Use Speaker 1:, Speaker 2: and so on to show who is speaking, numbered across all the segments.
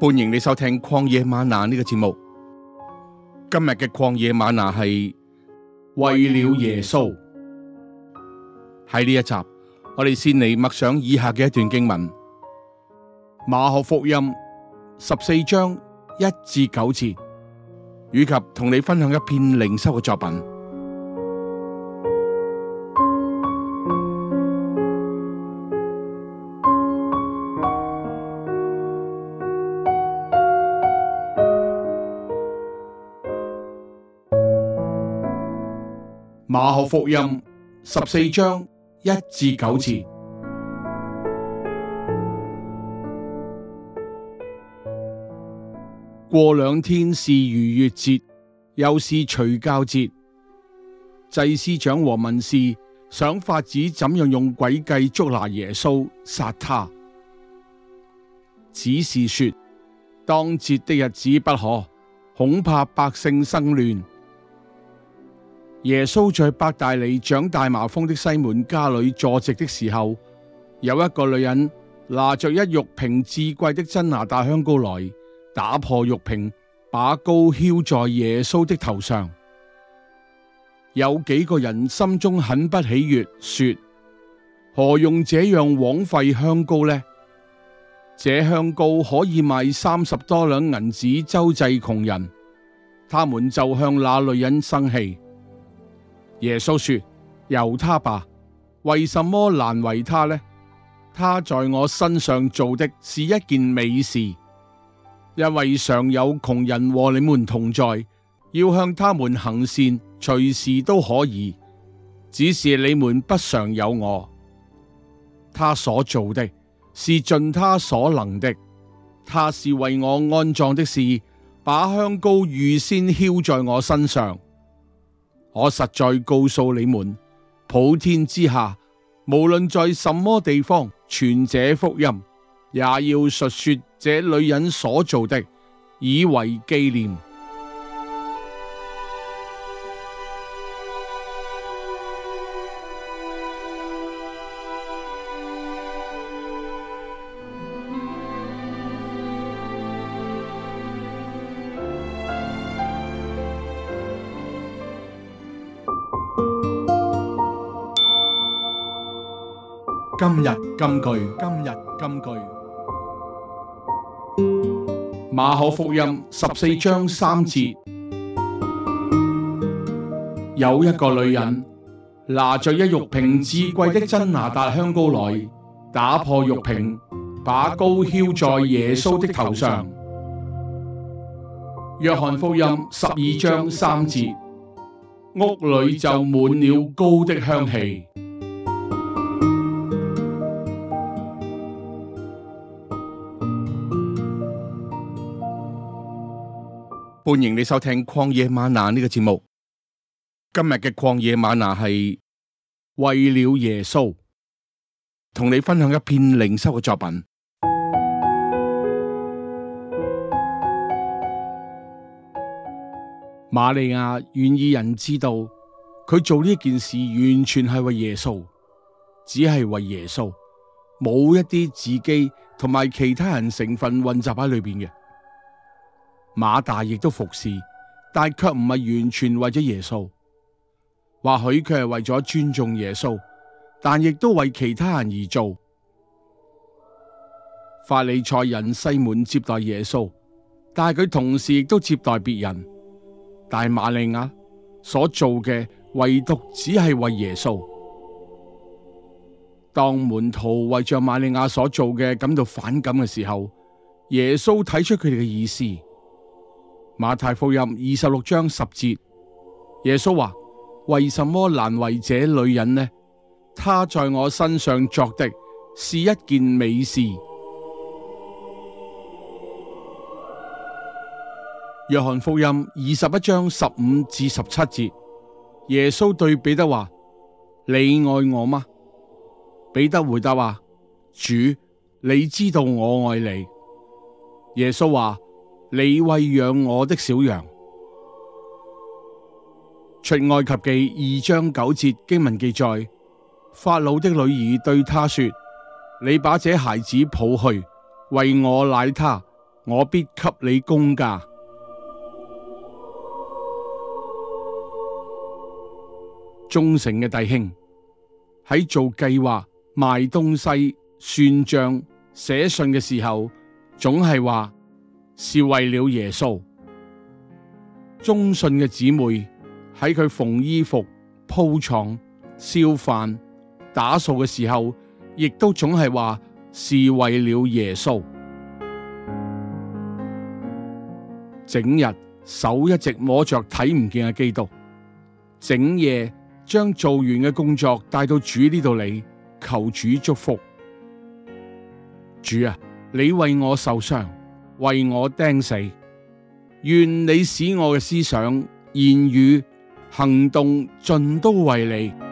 Speaker 1: 歡迎你收聽曠野嗎哪呢、這個節目。今日嘅曠野嗎哪係為了耶穌。喺呢一集，我哋先嚟默想以下嘅一段經文：馬可福音十四章一至九節，以及同你分享一篇靈修嘅作品。馬可福音十四章一至九節。過兩天是逾越節，又是除酵節，祭司長和文士想法子怎樣用詭計捉拿耶穌，殺他。只是說當節的日子不可，恐怕百姓生亂。耶穌在伯大尼長大麻風的西門家裏坐席的時候，有一個女人拿着一玉瓶至貴的真拿大香膏來，打破玉瓶，把膏澆在耶穌的頭上。有幾個人心中很不喜悅，說：何用這樣枉費香膏呢？這香膏可以賣三十多兩銀子，周濟窮人。他們就向那女人生氣。耶穌說：由他吧，為什麼難為他呢？他在我身上做的是一件美事，因為常有窮人和你們同在，要向他們行善，隨時都可以。只是你們不常有我。他所做的是盡他所能的，他是為我安葬的事，把香膏預先澆在我身上。我實在告訴你們，普天之下，無論在什麼地方，傳這福音，也要述說這女人所做的，以為紀念。今日金句，今日金句。馬可福音十四章三節，有一個女人拿着一玉瓶至貴的真拿達香膏來，打破玉瓶，把膏澆在耶穌的頭上。約翰福音十二章三節，屋裏就滿了膏的香氣。歡迎你收聽曠野嗎哪呢個節目。今日嘅曠野嗎哪係為了耶穌，同你分享一篇靈修嘅作品。瑪利亞願意人知道佢做呢一件事完全係為耶穌，只係為耶穌，冇一啲自己同埋其他人成分混雜喺裏邊嘅。馬大亦都服侍，但係卻唔係完全為咗耶穌，或許佢係為咗尊重耶穌，但亦都為其他人而做。法利賽人西門接待耶穌，但係佢同時亦都接待別人。但係瑪利亞所做嘅，唯獨只係為耶穌。當門徒為着瑪利亞所做嘅感到反感嘅時候，耶穌睇出佢哋嘅意思。馬太福音二十六章十節，耶穌話：為什麼難為這女人呢？她在我身上作的是一件美事。約翰福音二十一章十五至十七節，耶穌對彼得話：你愛我嗎？彼得回答話：主，你知道我愛你。耶穌話：你餵養我的小羊。出埃及記二章九節經文記載，法老的女兒對他說：你把這孩子抱去，為我奶他，我必給你工價。忠誠嘅弟兄喺做計劃、賣東西、算賬、寫信嘅時候，總係話，是為了耶穌，忠信嘅姊妹喺佢縫衣服、鋪床、燒飯、打掃嘅時候，亦都總係話是為了耶穌。整日手一直摸着睇唔見嘅基督，整夜將做完嘅工作帶到主呢度嚟，求主祝福。主啊，你為我受傷，為我釘死，願你使我嘅思想、言語、行動盡都為你。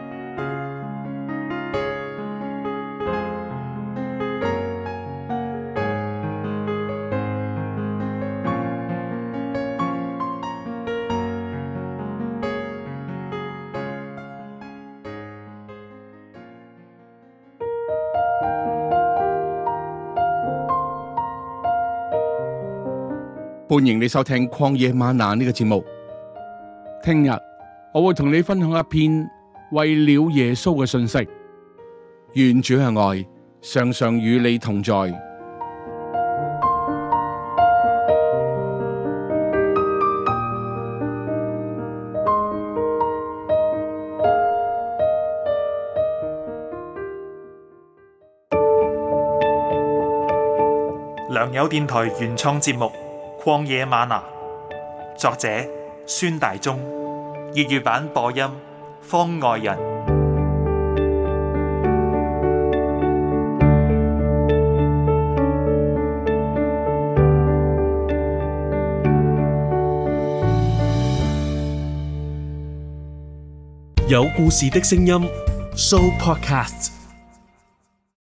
Speaker 1: 歡迎你收聽曠野嗎哪呢個節目。聽日我會同你分享一篇為了耶穌嘅信息。願主嘅愛常常與你同在。良友電台原創節目。曠野嗎哪，作者孫大中，粵語版播音方外人，有故事的聲音 Show Podcast。